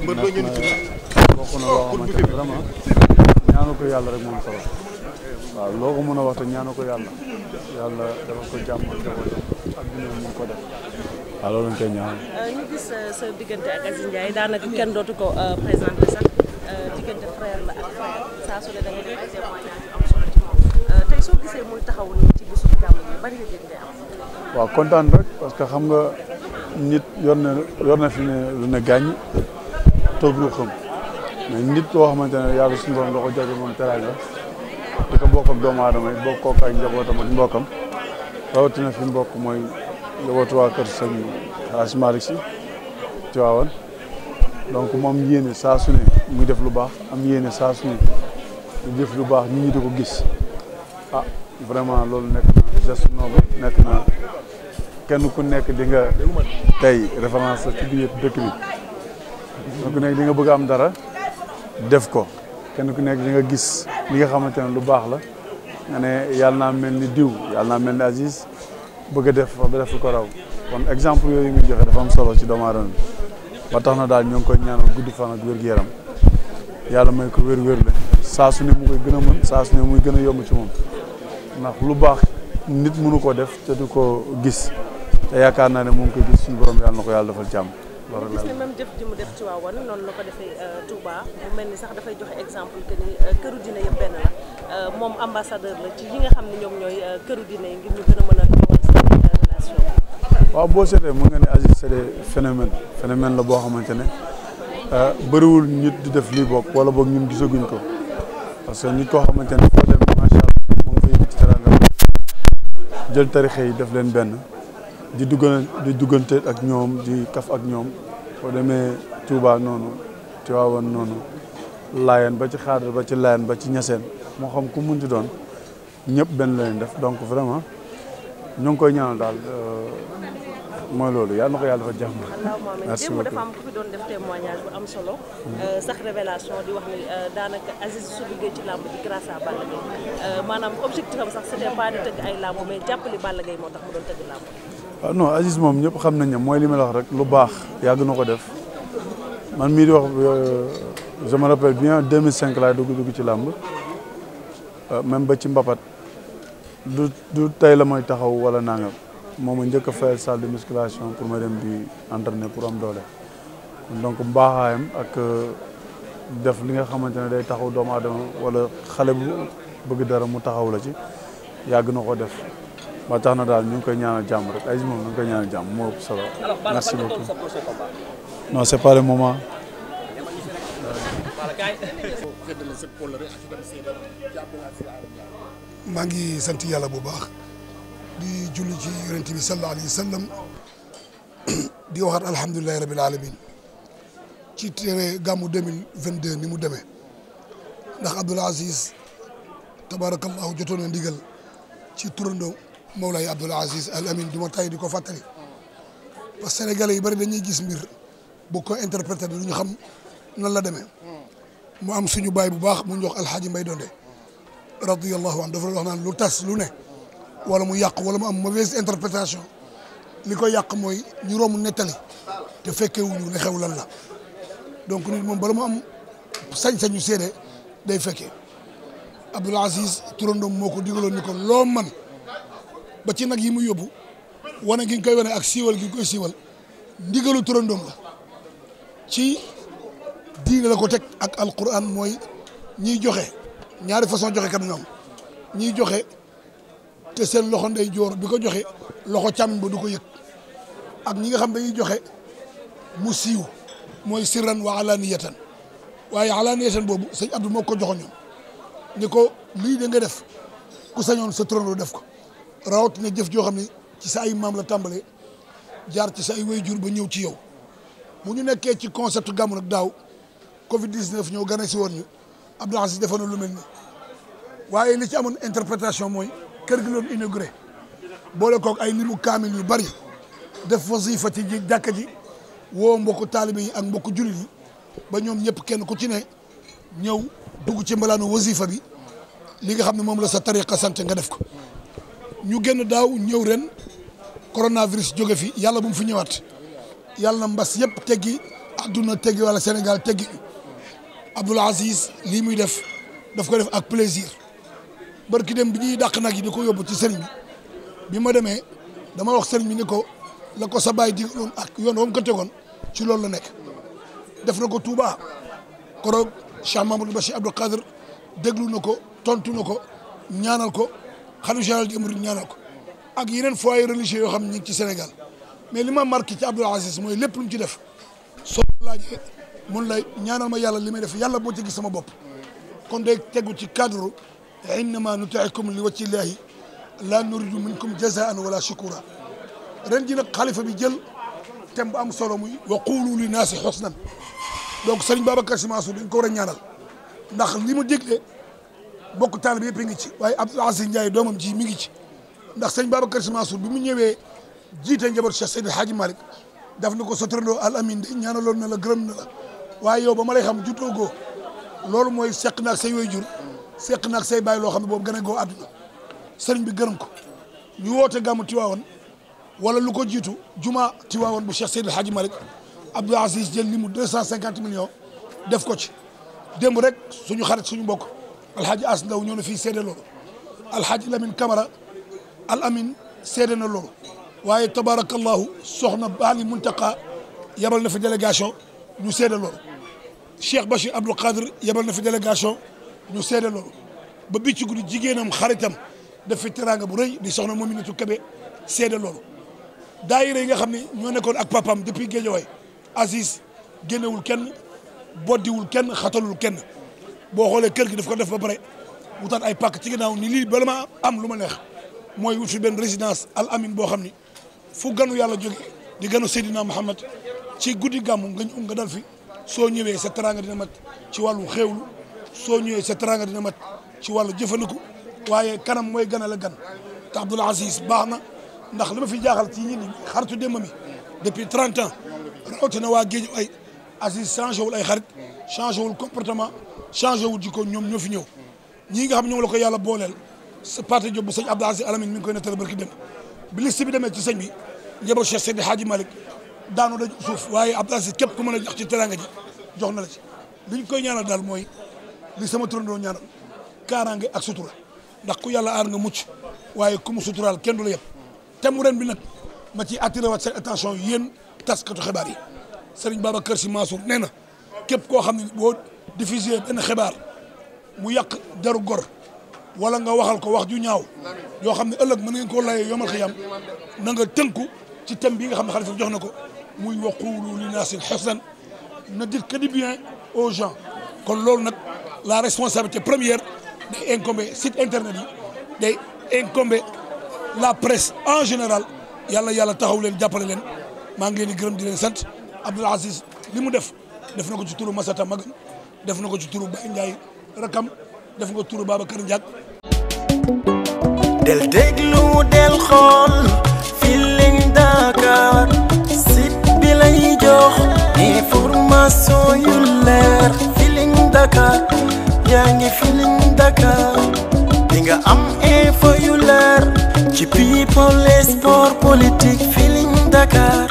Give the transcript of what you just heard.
mbër na loo xamante ne vraiment ñaanu ko yàlla rek moom solo waaw loo ko mën a wax te ñaanu ko yàlla yàlla dafa ko jàmm dafa ak mun ko def waaw loolu euh, euh, euh, kontaan rek parce que xam nga nit yor na yor na fi ne lu ne gàññ toog ruuxam mais nit koo xamante ne yàlla suñu borom da ko jagle moom teraanga di ko bokk ak doomu aadama yi bokk ak ay njabootam ak mbokkam rawatina fi mbokk mooy njabootu waa kër sëñ Hadj Malick Sy Tiwaawan donc moom yéene saa su ne muy def lu baax am yéene saasu su ne di def lu baax ñu ñi di ko gis ah vraiment loolu nekk na geste noble nekk kenn ku nekk di nga tey référence ci biir dëkk bi kenn ku nekk di nga bëgg am dara def ko ku nekk di nga gis li nga xamante ne lu baax la nga ne yàlla naa mel ni diw yàlla naa mel ni Aziz bëgg a def ba def ko raw kon exemple yooyu muy joxe dafa am solo ci doomu aadama bi ba tax na daal ñoo ngi koy ñaanal gudd fan ak wér-gu-yaram yàlla may ko wér-wér la saa su ne mu koy gën a mën saa su ne muy gën a yomb ci moom ndax lu baax nit mënu ko def te du ko gis te yaakaar naa ne mu ngi koy gis suñu borom yàlla na ko yàlla defal jàmm loolu gis ne même jëf ji mu def ci waawoon noonu la ko defee euh, Touba mu mel ni sax dafay joxe exemple euh, këru diine yëpp benn la euh, moom ambassadeur la ci yi nga xam ne ñoom ñooy këru diine yi ngir ñu gën mën a ñëwal seen waaw boo seetee mën nga ne Aziz c'est la boo xamante ne bëriwul nit di def li bokk wala boog ñun gisaguñ ko parce que nit koo xamante ne foo dem macha allah mu ngi fay yëkkati jël tarixe yi def leen benn. di dugg di duggante ak ñoom di kaf ak ñoom boo demee Touba noonu Tiwaawan noonu Laayeen ba ci Xaadir ba ci Laayeen ba ci Ñaseen moo xam ku mun ci doon ñëpp benn lañ def donc vraiment ñoo ngi koy ñaanal daal euh, mooy loolu yàlla na ko yàlla dafa jàmm. merci beaucoup dafa ku fi doon def témoignage bu am solo. Euh, sax révélation di wax ni euh, daanaka Aziz su duggee ci làmb ji grâce à Balla maanaam objectif am sax c'était pas de tëgg ay làmb mais jàppali Balla Gaye moo tax waaw ah, non Aziz moom ñëpp xam nañ ne mooy li ma la wax rek lu baax yàgg na ko def man mii di wax euh, je me rappelle bien 2005 laay dugg dugg ci làmb euh, même ba ci mbapat du du tey la mooy taxaw wala nangam moom njëkk a fayal salle de musculation pour ma dem di entraîner pour am doole donc mbaaxaayam ak euh, def li nga xamante ne day taxaw doomu aadama wala xale bu bëgg dara mu taxaw la ci yàgg na ko def ba tax na daal ñu ngi koy ñaanal jàmm rek ay moom koy ñaanal jàmm moo ëpp maa ngi sant yàlla bu baax di julli ci yonent bi sallallahu alayhi wa sallam di waxaat alhamdulilahi rabil alamin ci téere gàmmu 2022 ni mu deme ndax Abdoul Aziz tabarakallahu jotoon na ndigal ci turando Mawlaay Abdoul Aziz Al Amin du ma tay di ko fàttali parce que sénégalais yu bëri dañuy gis mbir bu ko interprété du ñu xam nan la demee mu am suñu baay bu baax mu jox alxaaji Mbay Donde radiyallahu anhu dafa wax naan lu tas lu ne wala mu yàq wala mu am mauvaise interprétation li ko yàq mooy ñu romb nettali te fekkee wuñu ne xew lan la donc nit moom bala mu am sañ-sañu séede day fekkee Abdoul Aziz turandoom moo ko digaloon ni ko loo man ba ci nag yi mu yóbbu wane gi nga koy wane ak siiwal gi koy siiwal ndigalu turandoom la ci diine ko teg ak alquran mooy ñiy joxe ñaari façon joxe kat ñoom ñiy joxe te seen loxo ndey joor bi ko joxe loxo càmmiñ ba du ko yëg ak ñi nga xam dañuy joxe mu siiw mooy sirran wa alaniyatan waaye alaniyatan boobu sëñ Abdou moo ko joxo ñoom ni ko lii da nga def ku sañoon sa turandoo def ko rawatina jëf joo xam ne ci sa ay maam la tàmbale jaar ci sa ay wayjur ba ñëw ci yow bu ñu nekkee ci concept gàmmu nag daaw Covid 19 ñëw gane si woon ñu Abdou Aziz defoon lu mel ni waaye li ci amoon interprétation mooy kër gi loon inauguré boole kook ay limu kaamil yu bari def wasifa ci ji jàkka ji woo mbokku taalibe yi ak mbokku jullit yi ba ñoom ñëpp kenn ku ci ne ñëw dugg ci mbalaanu wasifa bi li nga xam ne moom la sa tariqa sant nga def ko. ñu génn daaw ñëw ren coronavirus jóge fi yàlla bu mu fi ñëwaat yàlla na mbas yëpp teggi àdduna teggi wala Sénégal teggi ñu Abdoul Aziz lii muy def daf ko def ak plaisir barki dem bi ñuy dàq nag yi di ko yóbbu ci sëriñ bi bi ma demee dama wax sëriñ bi ni ko la ko sa baay digaloon yoon wam ko tegoon ci loolu la nekk def na ko Touba koroog Cheikh Mamadou Bachir Abdou Khadr déglu na ko tontu na ko ñaanal ko xalifa général des mourides ñaanal ko ak yeneen foyer religieux yoo xam ne ñu ngi ci Sénégal mais li ma marqué ci Abdoul Aziz mooy lépp lu mu ci def soo laajee mun la ñaanal ma yàlla li may def yàlla moo ci gis sama bopp kon day tegu ci cadre innama nutiikum li wajhi llaahi la nuridu minkum jazaan wala shukura ren ji nag xalifa bi jël thème bu am solo muy wa quulu li naasi xusnan donc Serigne Babacar Sy Mansour dañ ko war a ñaanal ndax li mu digle bokk taalibe yëpp ngi ci waaye Abdou Aziz Ndiaye doomam ji mi ngi ci ndax sëñ Babacar Sy Mansour bi mu ñëwee jiite njaboot Cheikh Seydil Hadji Malick daf na ko sa turandoo Al Amin de ñaanaloon na la gërëm na waaye yow ba ma lay xam go loolu mooy seq naag say waajur seq naag say baay loo xam ne boobu gën a goo àdduna bi gërëm ko ñu woote gàmmu Tiwaawan wala lu ko jiitu juma Tiwaawan bu Cheikh Seydil Hadji Malick Abdou Aziz jël li mu deux cent cinquante millions def ko ci démb rek suñu xarit suñu mbokk alxaaji as ndaw ñoo na fii seede loolu alxaaji lamin kamara al amin seede na loolu waaye tabarakallahu soxna baali muntaka yabal na fi délégation ñu seede loolu cheikh bachir abdou qadir yabal na fi délégation ñu seede loolu ba bi ci guddi jigéenam xaritam def fi teraanga bu rëy di soxna Mominatou Kébé seede loolu daayira yi nga xam ne ñoo nekkoon ak papam depuis Guédiawaye Aziz génnewul kenn boddiwul kenn xatalul kenn boo xoolee kër gi daf ko def ba pare wutaat ay pàkk ci ginnaaw ni lii bala am lu ma neex mooy wut fi résidence al amin boo xam ni fu ganu yàlla jóge di ganu Seydina Muhammad ci guddi gàmmu nga ñu nga dal fi soo ñëwee sa teraanga dina mat ci wàllu xéewlu soo ñëwee sa teraanga dina mat ci wàllu jëfandiku waaye kanam mooy ganal a gan te Abdoul Aziz baax na ndax li ma fi jaaxal ci ñi xaritu démb mi depuis 30 ans na waa géej ay Aziz changé wul ay xarit changé comportement changé wu jikko ñoom ñoo fi ñëw ñii nga xam ñoom la ko yàlla booleel sa parti job bu sëñ Abdou Aziz Alamine mi ngi koy nettali barki dem bi liste bi demee ci sëñ bi njëbal Cheikh Seydi Hadji Malick daanu dañ suuf waaye a jox ji jox na la ci liñ koy ñaanal daal mooy li sama turandoo ñaanal kaaraange ak sutura ndax ku yàlla aar nga mucc waaye ku suturaal kenn du la yëpp te bi nag ma ci attiré waat seen attention yéen taskatu xibaar yi Serigne Babacar Sy Mansour nee na képp xam ne boo diffuser benn xibaar mu yàq deru gor wala nga waxal ko wax ju ñaaw yoo xam ne ëllëg mën ngeen koo layee yomal xiyam na nga tënku ci thème bi nga xam ne xalifa jox na ko muy waqulu li naasin xusnan ne dites que du bien aux gens kon loolu nag la responsabilité première day incomber site internet yi day incomber la press en général yàlla yàlla taxaw leen jàppale leen maa ngi leen di gërëm di leen sant Abdoul Aziz li mu def def na ko ci turu Masata Magam def na ko ci turu def nga turu Babacar Ndiak. del déglu del xool Feeling Dakar site bi lay jox information yu leer Feeling Dakar yaa ngi Feeling Dakar di nga am info yu leer ci people sport politique Feeling Dakar